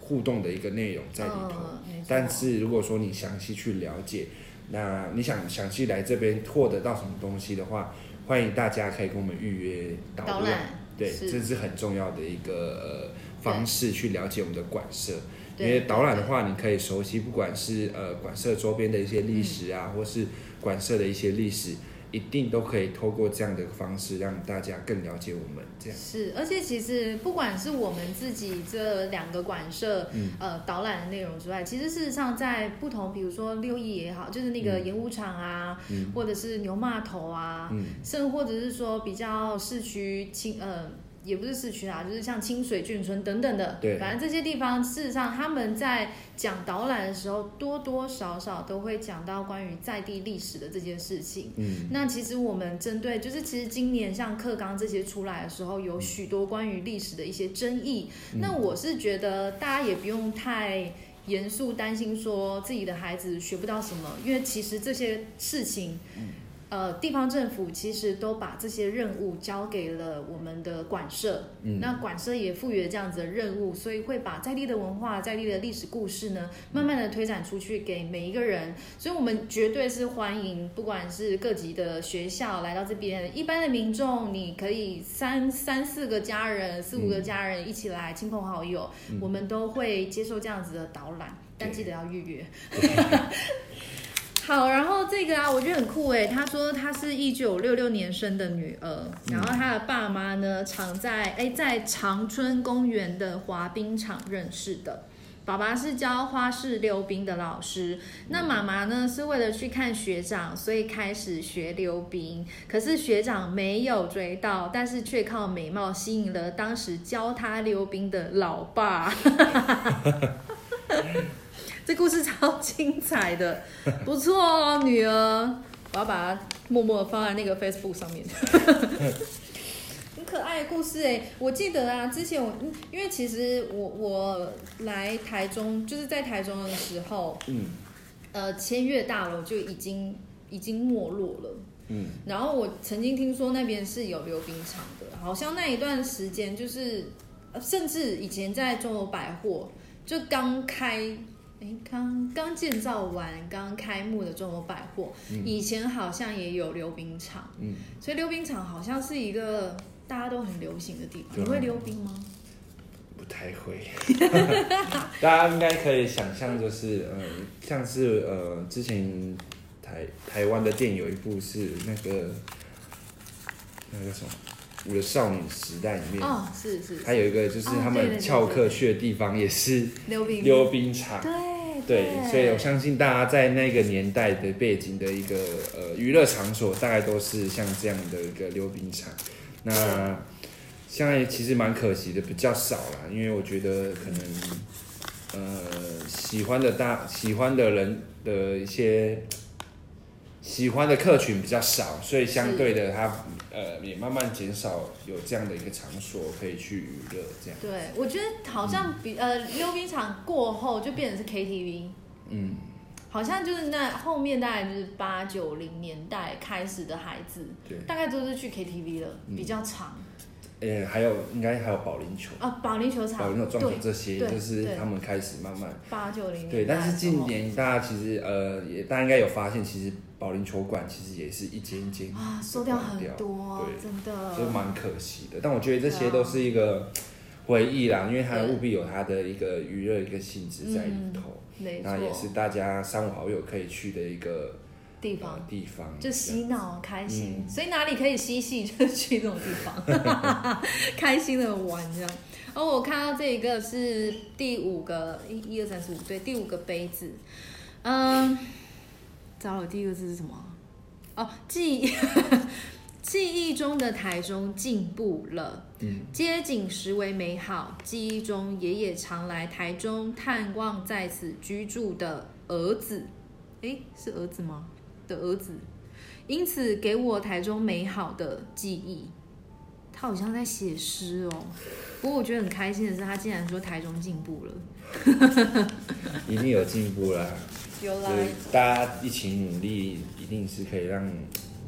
S2: 互動的一個內容在裡頭。哦、但是如果說你詳細去了解，那你想詳細來這邊獲得到什麼東西的話。歡迎大家可以跟我們預約導,導覽，對，是這是很重要的一個呃方式去了解我們的館舍，對因為導覽的話，你可以熟悉不管是呃館舍周邊的一些歷史啊，嗯、或是館舍的一些歷史。一定都可以透過這樣的方式讓大家更了解我們這樣
S1: 是，而且其實不管是我們自己這兩個館舍，嗯、呃，導覽的內容之外，其實事實上在不同，比如說六藝也好，就是那個演武場啊，嗯、或者是牛罵頭啊，嗯、甚或者是說比較市區呃。也不是市區啊，就是像清水眷村等等的，對反正這些地方，事實上他們在講導覽的時候，多多少少都會講到關於在地歷史的這件事情。嗯，那其實我們針對就是，其實今年像課綱這些出來的時候，有許多關於歷史的一些爭議。嗯、那我是覺得大家也不用太嚴肅擔心，說自己的孩子學不到什麼，因為其實這些事情。嗯呃，地方政府其實都把這些任務交給了我們的館舍，嗯、那館舍也賦予了這樣子的任務，所以會把在地的文化、在地的歷史故事呢，慢慢的推展出去給每一個人。嗯、所以我們絕對是歡迎，不管是各級的學校來到這邊，一般的民眾，你可以三三四個家人、四五個家人一起來，親朋好友，嗯、我們都會接受這樣子的導覽，對但記得要預約。Okay. *laughs* 好，然後這個啊，我覺得很酷誒，他說他是一九六六年生的女兒，然後他的爸媽呢，常在哎在長春公園的滑冰場認識的。爸爸是教花式溜冰的老師，那媽媽呢是為了去看學長，所以開始學溜冰。可是學長沒有追到，但是卻靠美貌吸引了當時教他溜冰的老爸。 *laughs* *laughs* 這故事超精彩的，不錯哦、啊，女兒。我要把它默默地放在那個 Facebook 上面。 *laughs* 很可愛的故事哎，我記得啊，之前我因為其實我我來台中就是在台中的時候，嗯，呃，千越大樓就已經已經沒落了，嗯。然後我曾經聽說那邊是有溜冰場的，好像那一段時間就是，甚至以前在中友百貨就剛開。哎，剛剛建造完，剛開幕的中國百貨，嗯、以前好像也有溜冰場，嗯、所以溜冰場好像是一個大家都很流行的地方。嗯、你會溜冰嗎？
S2: 不太會， *laughs* *laughs* 大家應該可以想象，就是呃，像是呃，之前台台灣的電影有一部是那個那個叫什麼。我的少女時代裡面，哦，是是，是還有一個就是他們翹課去的地方也是溜冰溜冰場，對
S1: 對，對，對，所以我相
S2: 信大家在那個年代的背景的一個呃娛樂場所，大概都是像這樣的一個溜冰場。那是現在其實蠻可惜的，比較少啦，因為我覺得可能呃喜歡的大喜歡的人的一些。喜歡的客群比較少，所以相對的他，它是呃也慢慢減少有這樣的一個場所可以去娛樂。這樣對，
S1: 我覺得好像比、嗯、呃溜冰場過後就變成是 K T V，
S2: 嗯，
S1: 好像就是那後面大概就是八九零年代開始的孩子，對，大概都是去 K T V 了，嗯、比較長。
S2: 呃、欸，還有應該還有保齡球啊，
S1: 保齡球場、保齡球撞球這些，就是他們
S2: 開始慢慢
S1: 八九零年代對，
S2: 但是近年大家其實呃也大家應該有發現，其實。保齡球館其實也是一間一間啊，收掉很多，
S1: 對，真的，就蠻
S2: 可惜的。但我覺得這些都是一個回憶啦，啊、因為它務必有它的一個娛樂一個性質在裡頭，嗯、那也是大家三五好友可以去的一個地方，呃、地方就
S1: 洗腦開心，嗯、所以哪裡可以嬉戲就去這種地方， *laughs* *laughs* 開心的玩這樣。哦，我看到這一個是第五個，一、一、二、三、四、五，對，第五個杯子，嗯。找我第一個字是什麼？哦，記 *laughs* 記憶中的台中進步了，街景、嗯、實為美好。記憶中爺爺常來台中探望在此居住的兒子，哎，是兒子嗎？的兒子，因此給我台中美好的記憶。他好像在寫詩哦。不過我覺得很開心的是，他竟然說台中進步了。
S2: *laughs* 一定有進步了。所以大家一起努力，一定是可以讓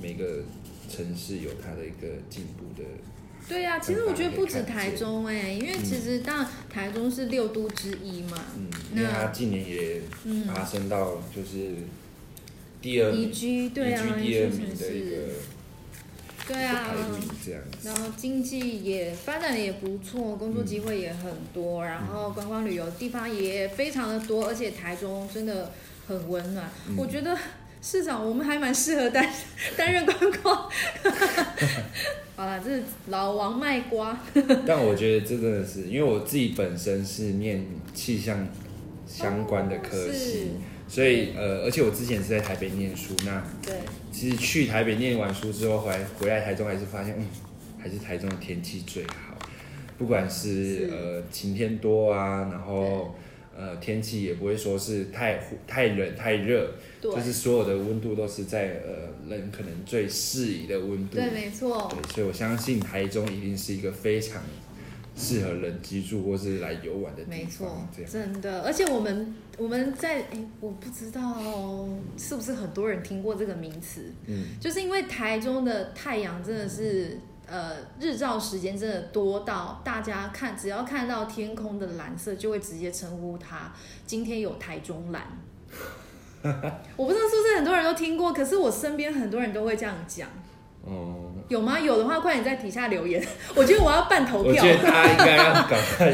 S2: 每個城市有它的一個進步的。
S1: 對呀、啊，其實我覺得不止台中哎、欸，因為其實當然台中是六都之一嘛。嗯，那因為
S2: 它近年也嗯，發生到就是第二名宜居、嗯 e、對啊，宜居城市對啊，
S1: 這樣然後經濟也發展的也不錯，工作機會也很多，嗯、然後觀光旅遊地方也非常的多，而且台中真的。很溫暖，嗯、我覺得市長我們還蠻適合擔擔、嗯、任觀光， *laughs* *laughs* 好了，這是老王賣瓜。
S2: *laughs* 但我覺得這真的是因為我自己本身是念氣象相關的科系，哦、所以對呃，而且我之前是在台北念書，那對，其實去台北念完書之後，回來回來台中還是發現，嗯，還是台中的天氣最好，不管是，是呃晴天多啊，然後。呃，天氣也不會說是太太冷太熱，對就是所有的溫度都是在呃人可能最適宜的溫度。對，沒錯。對，所以我相信台中一定是一個非常適合人居住或是來遊玩的地方。
S1: 沒錯，樣真的，而且我們我們在誒我不知道、哦、是不是很多人聽過這個名詞，嗯，就是因為台中的太陽真的是。嗯呃，日照時間真的多到大家看，只要看到天空的藍色，就會直接稱呼它。今天有台中藍， *laughs* 我不知道是不是很多人都聽過，可是我身邊很多人都會這樣講。
S2: 嗯，
S1: 有嗎？有的話，快點在底下留言。 *laughs* 我覺得我要辦投票，我覺得他應該要趕快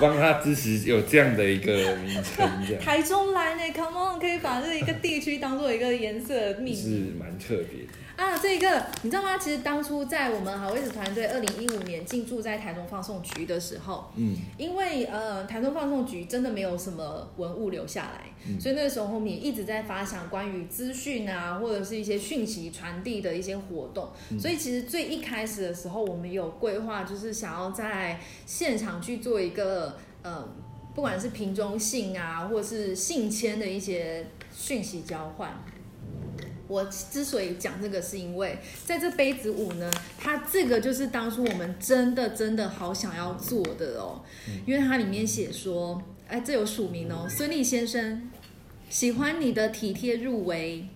S2: 幫他支持有這樣的一個名稱。 *laughs* 台
S1: 中藍呢 Come on，可以把這一個地區當做一個顏色命名，是
S2: 蠻特別的。
S1: 啊，這個你知道嗎？其實當初在我們好位置團隊二零一五年進駐在台中放送局的時候，嗯，因為呃台中放送局真的沒有什麼文物留下來，嗯、所以那個時候我們也一直在發想關於資訊啊，或者是一些訊息傳遞的一些活動。嗯、所以其實最一開始的時候，我們有規劃，就是想要在現場去做一個，嗯、呃，不管是瓶中信啊，或者是信籤的一些訊息交換。我之所以講這個，是因為在這杯子舞呢，它這個就是當初我們真的真的好想要做的哦，因為它裡面寫說，哎、欸，這有署名哦，孫儷先生，喜歡你的體貼入微，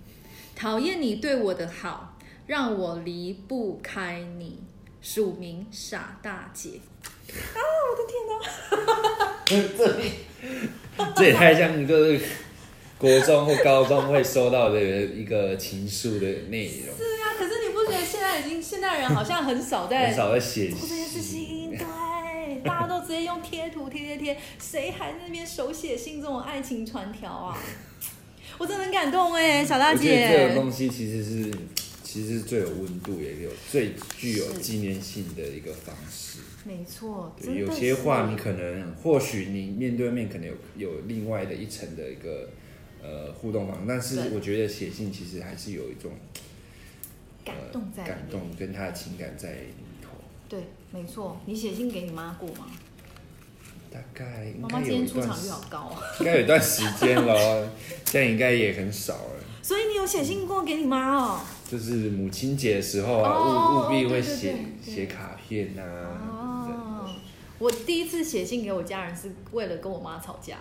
S1: 討厭你對我的好，讓我離不開你，署名傻大姐。啊，我的天哪 *laughs* 這！這也
S2: 太像你個、就是。國中或高中會收到的一個情書的內容。 *laughs* 是啊，可是你不
S1: 覺得現在已經現代人好像很少在 *laughs* 很少在寫信， *laughs* 對，大家都直接用貼圖貼貼貼，誰還在那邊手寫信這種愛情傳條啊？ *laughs* 我真的很感動哎，小大姐。我覺得這個東
S2: 西其實是其實是最有溫度，也有最具有紀念性的一個方式。
S1: 沒錯，有些話你可
S2: 能或許你面對面可能有有另外的一層的一個。呃，互動方式，但是我覺得寫信其實還是有一種感動在，感動跟他的情感在裡頭。
S1: 對，沒錯，你寫信給你媽過嗎？
S2: 大概媽媽今天出場率好高啊，應該有段時間了，現在應該也很少了。
S1: 所以你有寫信過給你媽哦？
S2: 就是母親節的時候啊，務務必會寫寫卡片吶。
S1: 哦，我第一次寫信給我家人是為了跟我媽吵架。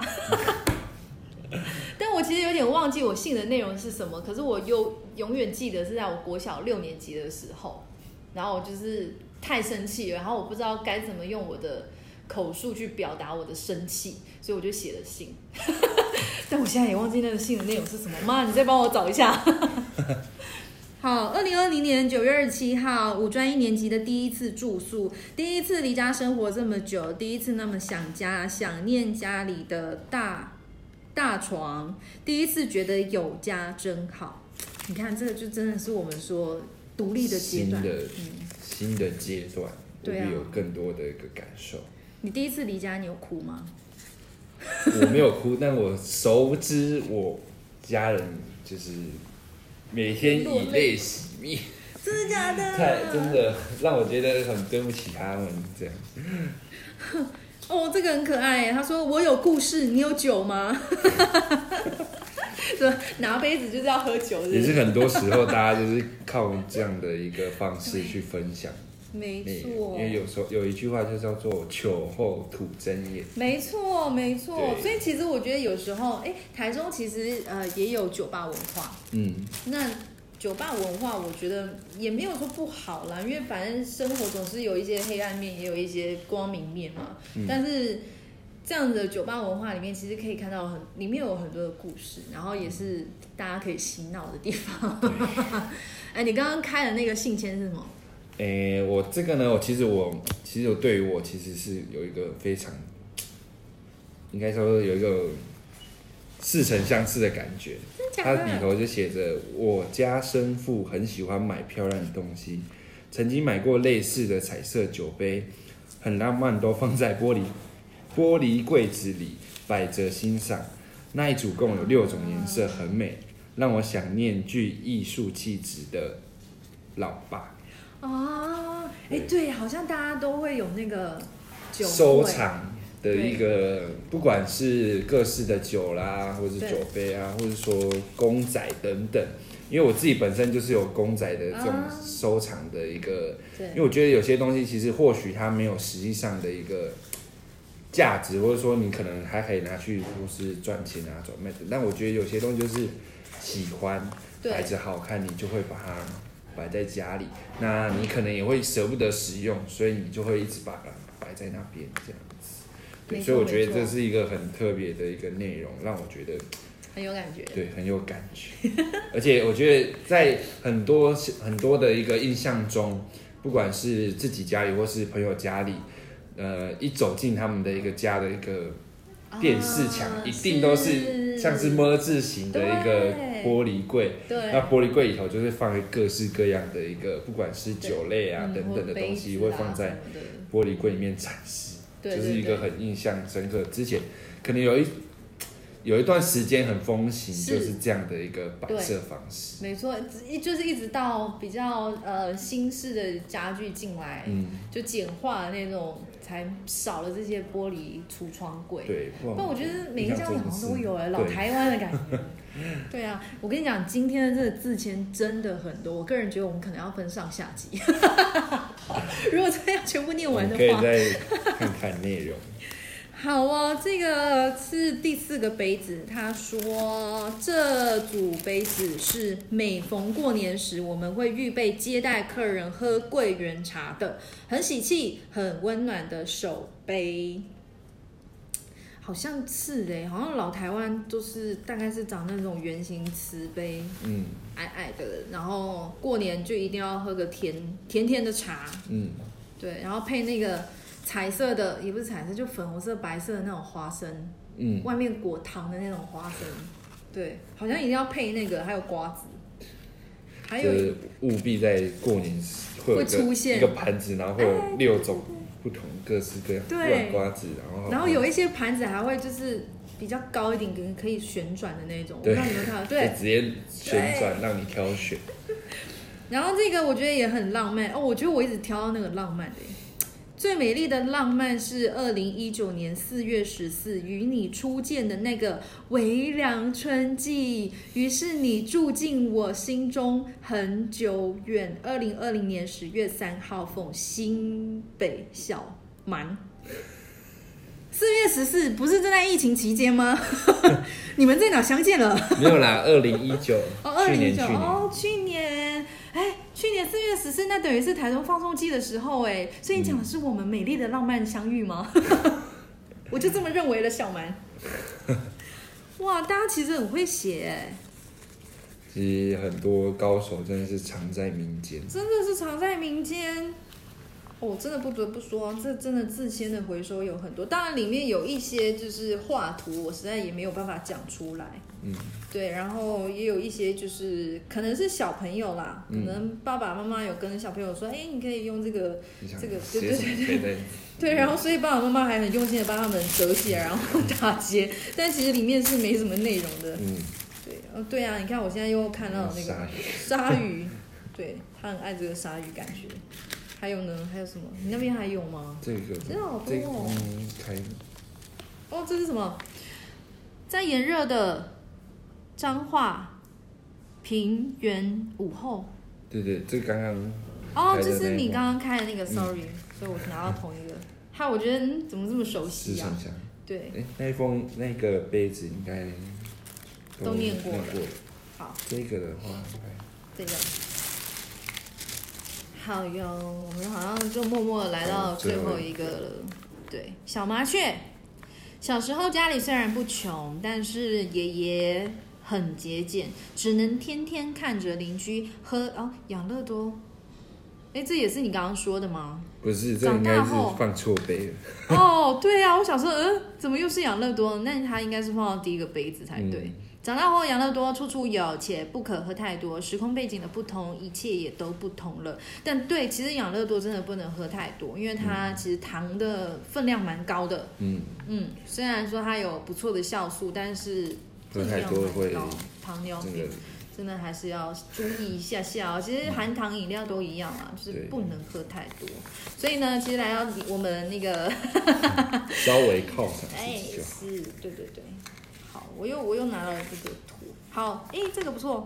S1: 但我其實有點忘記我信的內容是什麼，可是我又永遠記得是在我國小六年級的時候，然後我就是太生氣了，然後我不知道該怎麼用我的口述去表達我的生氣，所以我就寫了信。 *laughs* 但我現在也忘記那個信的內容是什麼，媽，你再幫我找一下。 *laughs* 好，二零二零年九月二十七號，五專一年級的第一次住宿，第一次離家生活這麼久，第一次那麼想家，想念家裡的大。大床，第一次覺得有家真好。你看，這個就真的是我們說獨立的階段，
S2: 的嗯，新的階段，對啊，我會有更多的一個感受。
S1: 你第一次離家，你有哭嗎？
S2: 我沒有哭，但我熟知我家人就是每天以淚洗面，真的假
S1: 的？太真的，
S2: 讓我覺得很對不起他們這樣。 *laughs*
S1: 哦，這個很可愛。他說：“我有故事，你有酒嗎？” *laughs* 拿杯子就是要喝酒，是不是？也是很多時候大家
S2: 就是靠這樣的一個方式去分享。
S1: 沒錯錯，因為有
S2: 時候有一句話就叫做“酒
S1: 後吐真言”沒錯。沒錯，沒錯對。所以其實我覺得有時候，欸，台中其實呃也有酒吧文化。嗯，那。酒吧文化，我覺得也沒有說不好啦，因為反正生活總是有一些黑暗面，也有一些光明面嘛。嗯、但是，這樣的酒吧文化裡面，其實可以看到很裡面有很多的故事，然後也是大家可以洗腦的地方。嗯、 *laughs* 哎，你剛剛開的那個信籤是什麼？哎、
S2: 欸，我這個呢，我其實我其實我對於我其實是有一個非常，應該說是有一個。似曾相識的感覺，的它裡頭就寫着：“我家生父很喜歡買漂亮的東西，曾經買過類似的彩色酒杯，很浪漫，都放在玻璃玻璃櫃子裡擺着欣賞。那一組共有六種顏色，很美，讓我想念具藝術氣質的老爸。”
S1: 哦啊，哎，對，好像大家都會有那個酒收藏。
S2: 的一個，不管是各式的酒啦，或是酒杯啊，或者說公仔等等，因為我自己本身就是有公仔的這種收藏的一個，因為我覺得有些東西其實或許它沒有實際上的一個價值，或者說你可能還可以拿去，就是賺錢啊，轉賣的。但我覺得有些東西就是喜歡，擺着好看，你就會把它擺在家裡，那你可能也會捨不得使用，所以你就會一直把它擺在那邊這樣。對錯所以我覺得這是一個很特別的一個內容，錯讓我覺得很有感覺。對，很有感覺。 *laughs* 而且我覺得在很多很多的一個印象中，不管是自己家裡或是朋友家裡，呃，一走進他們的一個家的一個電視牆，啊、一定都是像是“麼”字形的一個玻璃櫃。對。那玻璃櫃裡頭就是放各式各樣的一個，不管是酒類啊對等等的東西，啊、會放在玻璃櫃裡面展示。對對對，就是一個很印象深刻，之前可能有一有一段時間很風行，是就是這樣的一個擺設方式。
S1: 沒錯，一就是一直到比較呃新式的家具進來，嗯，就簡化那種，才少了這些玻璃櫥窗櫃。對，但不然 我，我覺得每一家好像都有哎，深深老台灣的感覺。對 *laughs* 對啊，我跟你講，今天的這個字籤真的很多，我個人覺得我們可能要分上下集。 *laughs* 如果真的要全部念完的話，可以再
S2: 看看內容。
S1: 好哦，這個是第四個杯子，他說這組杯子是每逢過年時，我們會預備接待客人喝桂圓茶的，很喜氣、很溫暖的手杯。好像是的、欸、好像老台灣都是大概是長那種圓形瓷杯，嗯，矮矮的，然後過年就一定要喝個甜甜甜的茶，嗯，對，然後配那個彩色的也不是彩色，就粉紅色、白色的那種花生，嗯，外面裹糖的那種花生，對，好像一定要配那個，嗯、還有瓜子，還有
S2: 務必在過年時會、哦、會出現一個盤子，然後會有六種。不同各式各樣的瓜對子，然後然後有一些
S1: 盤子還會就是比較高一點，可能可以旋轉的那種，對我不知道你們有沒有看
S2: 到，對，直接旋轉對讓你挑選。
S1: 然後這個我覺得也很浪漫哦，我覺得我一直挑到那個浪漫的。最美麗的浪漫是二零一九年四月十四與你初見的那個微涼春季，於是你住進我心中很久遠。二零二零年十月三號奉新北小蠻。四月十四不是正在疫情期間嗎？ *laughs* *laughs* 你們在哪相見了？ *laughs* 沒有啦，
S2: 二零一九哦，二零一九
S1: 哦，去年哎。欸去年四月十四，那等於是台中放送季的時候，哎，所以你講的是我們美麗的浪漫相遇嗎？ *laughs* 我就這麼認為了，小蠻。哇，大家其實很會寫，其
S2: 實很多高手真的是藏在民間，
S1: 真的是藏在民間。我、哦、真的不得不說，這真的自簽的回收有很多。當然，裡面有一些就是畫圖，我實在也沒有辦法講出來。嗯，對，然後也有一些就是可能是小朋友啦，嗯、可能爸爸媽媽有跟小朋友說，哎、嗯，你可以用這個想這個，對對對對，對，對對對嗯、然後所以爸爸媽媽還很用心的幫他們折起來然後打結，嗯、但其實裡面是沒什麼內容的。嗯，對，哦對啊，你看我現在又看到那、這個鯊魚，對，他很愛這個鯊魚感覺。還有呢？還有什麼？你那邊還有嗎？這個真的好多哦。嗯，開。哦，這是什麼？在炎熱的彰化平原午後，
S2: 對，對對，這剛、個、剛。哦，這、就是你剛剛
S1: 開的那個，sorry、嗯、所以我拿到同一個。還、嗯、我覺得怎麼這麼熟悉啊？對，哎、欸，
S2: 那一封那個杯子應該都，都念過了。好，這個的話，
S1: 這個。好喲，我們好像就默默來到最後一個了。哦、對，小麻雀。小時候家裡雖然不窮，但是爺爺很節儉，只能天天看着鄰居喝哦養樂多。哎，這也是你剛剛說的嗎？
S2: 不是，這應該是長大後放錯杯
S1: 了。哦，對啊，我小時候嗯，怎麼又是養樂多呢？那他應該是放到第一個杯子才對。嗯長大後，養樂多處處有，且不可喝太多。時空背景的不同，一切也都不同了。但對，其實養樂多真的不能喝太多，因為它其實糖的分量蠻高的。嗯嗯，雖然說它有不錯的酵素，嗯、但是
S2: 分太多量高
S1: 會糖尿病，真的，真的還是要注意一下下哦。其實含糖飲料都一樣啊，嗯、就是不能喝太多。對所以呢，其實來到我們那個、嗯、 *laughs* 稍微靠哎，是對對對。我又我又拿到了這個圖，好，哎，這個不錯。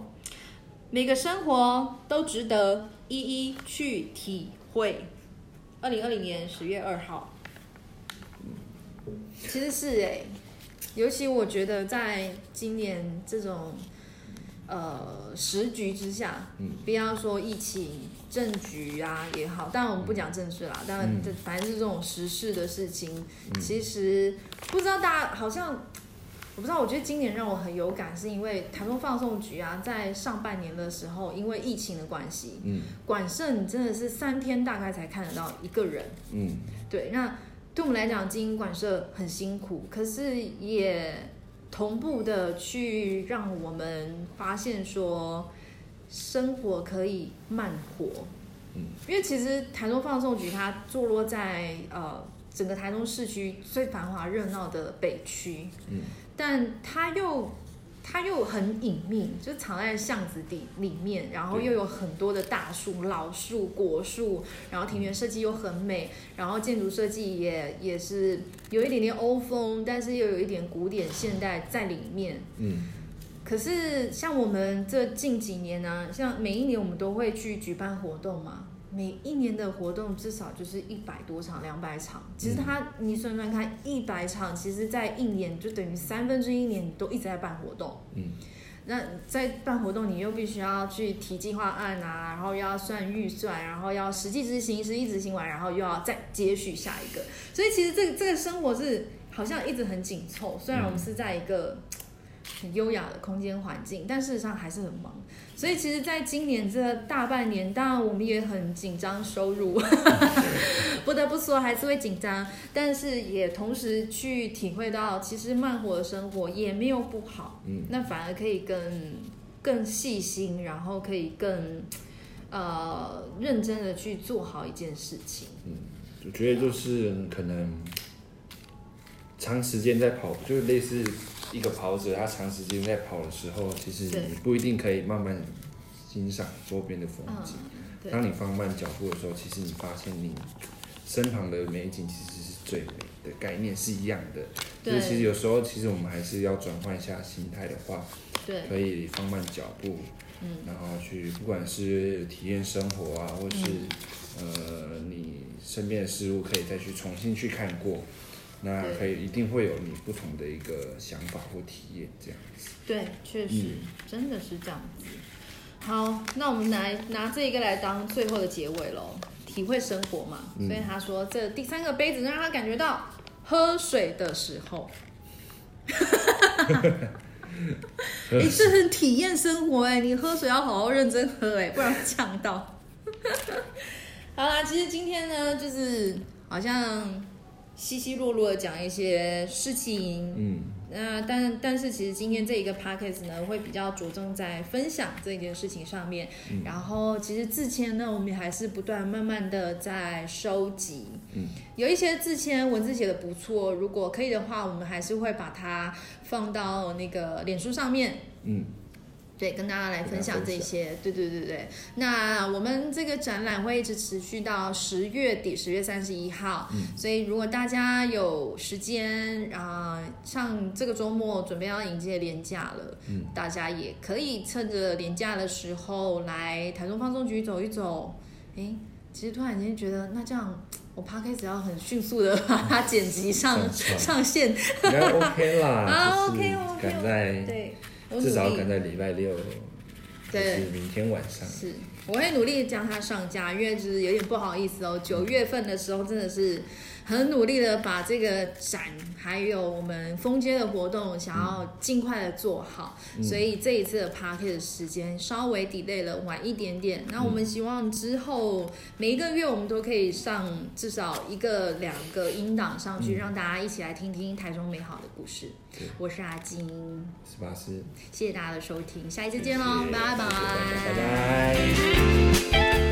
S1: 每個生活都值得一一去體會。二零二零年十月二號，其實是哎，尤其我覺得在今年這種呃時局之下，不要說疫情、政局啊也好，當然我們不講政治啦，當然這反正是這種時事的事情，其實不知道大家好像，我不知道，我覺得今年讓我很有感，是因為台中放送局啊，在上半年的時候，因為疫情的關係，嗯，館舍真的是三天大概才看得到一個人，嗯，對，那對我們來講經營館舍很辛苦，可是也同步的去讓我們發現說，生活可以慢活，嗯，因為其實台中放送局它坐落在呃整個台中市區最繁華熱鬧的北區，嗯。但它又，它又很隱祕，就藏在巷子底裡面，然後又有很多的大樹、老樹、果樹，然後庭園設計又很美，然後建築設計也也是有一點點歐風，但是又有一點古典現代在裡面。嗯，可是像我們這近幾年呢、啊，像每一年我們都會去舉辦活動嘛。每一年的活動至少就是一百多場、兩百場。其實他，嗯、你算算看，一百場其實，在一年就等於三分之一年都一直在辦活動。嗯，那在辦活動，你又必須要去提計劃案啊，然後又要算預算，然後要實際執行，實際執行完，然後又要再接續下一個。所以其實這個這個生活是好像一直很緊湊。雖然我們是在一個。很優雅的空間環境，但事實上還是很忙，所以其實，在今年這大半年，當然我們也很緊張收入， *laughs* 不得不說還是會緊張，但是也同時去體會到，其實慢活的生活也沒有不好，嗯，那反而可以更更細心，然後可以更呃認真的去做好一件事情，嗯，
S2: 我覺得就是可能長時間在跑，嗯、就是類似。一個跑者，他長時間在跑的時候，其實你不一定可以慢慢欣賞周邊的風景。嗯、當你放慢腳步的時候，其實你發現你身旁的美景其實是最美的，概念是一樣的。對所以其實有時候，其實我們還是要轉換一下心態的話，對可以放慢腳步，嗯、然後去不管是體驗生活啊，或是，嗯，呃你身邊的事物，可以再去重新去看過。那可以，對一定會有你不同的一個想法或體驗這樣
S1: 子。對，確實，嗯、真的是這樣子。好，那我們拿來拿這一個來當最後的結尾嘍，體會生活嘛。嗯、所以他說，這第三個杯子讓他感覺到喝水的時候，
S2: 哎 *laughs* *laughs* 水，這
S1: 很體驗生活哎，你喝水要好好認真喝哎，不然會嗆到。 *laughs* 好啦，其實今天呢，就是好像。嗯稀稀落落的講一些事情，嗯，那、呃、但但是其實今天這一個 package 呢，會比較着重在分享這件事情上面，嗯，然後其實字籤呢，我們還是不斷慢慢的在收集，嗯，有一些字籤文字寫得不錯，如果可以的話，我們還是會把它放到那個臉書上面，嗯。對，跟大家來分享這些，對,對對對對。那我們這個展覽會一直持續到十月底，十月三十一號。嗯、所以如果大家有時間，啊、呃，上像這個周末準備要迎接連假了，嗯、大家也可以趁着連假的時候來台中放送局走一走。哎，其實突然間覺得，那這樣我 Podcast 要很迅速的把它剪輯上 *laughs* 上,場上線，應該 OK 了。啊在 OK, OK OK，對。至少趕在禮拜六，對，
S2: 明天晚上是，
S1: 我會努力將它上架，因為就是有點不好意思哦，九月份的時候真的是。嗯很努力的把這個展，還有我們封街的活動，想要盡快的做好，所以這一次的 party 的時間稍微 delay 了晚一點點。那我們希望之後每一個月我們都可以上至少一個、兩個音檔上去，讓大家一起來聽聽台中美好的故事。我是阿金，是巴西，謝謝大家的收聽，下一次見嘍，拜拜。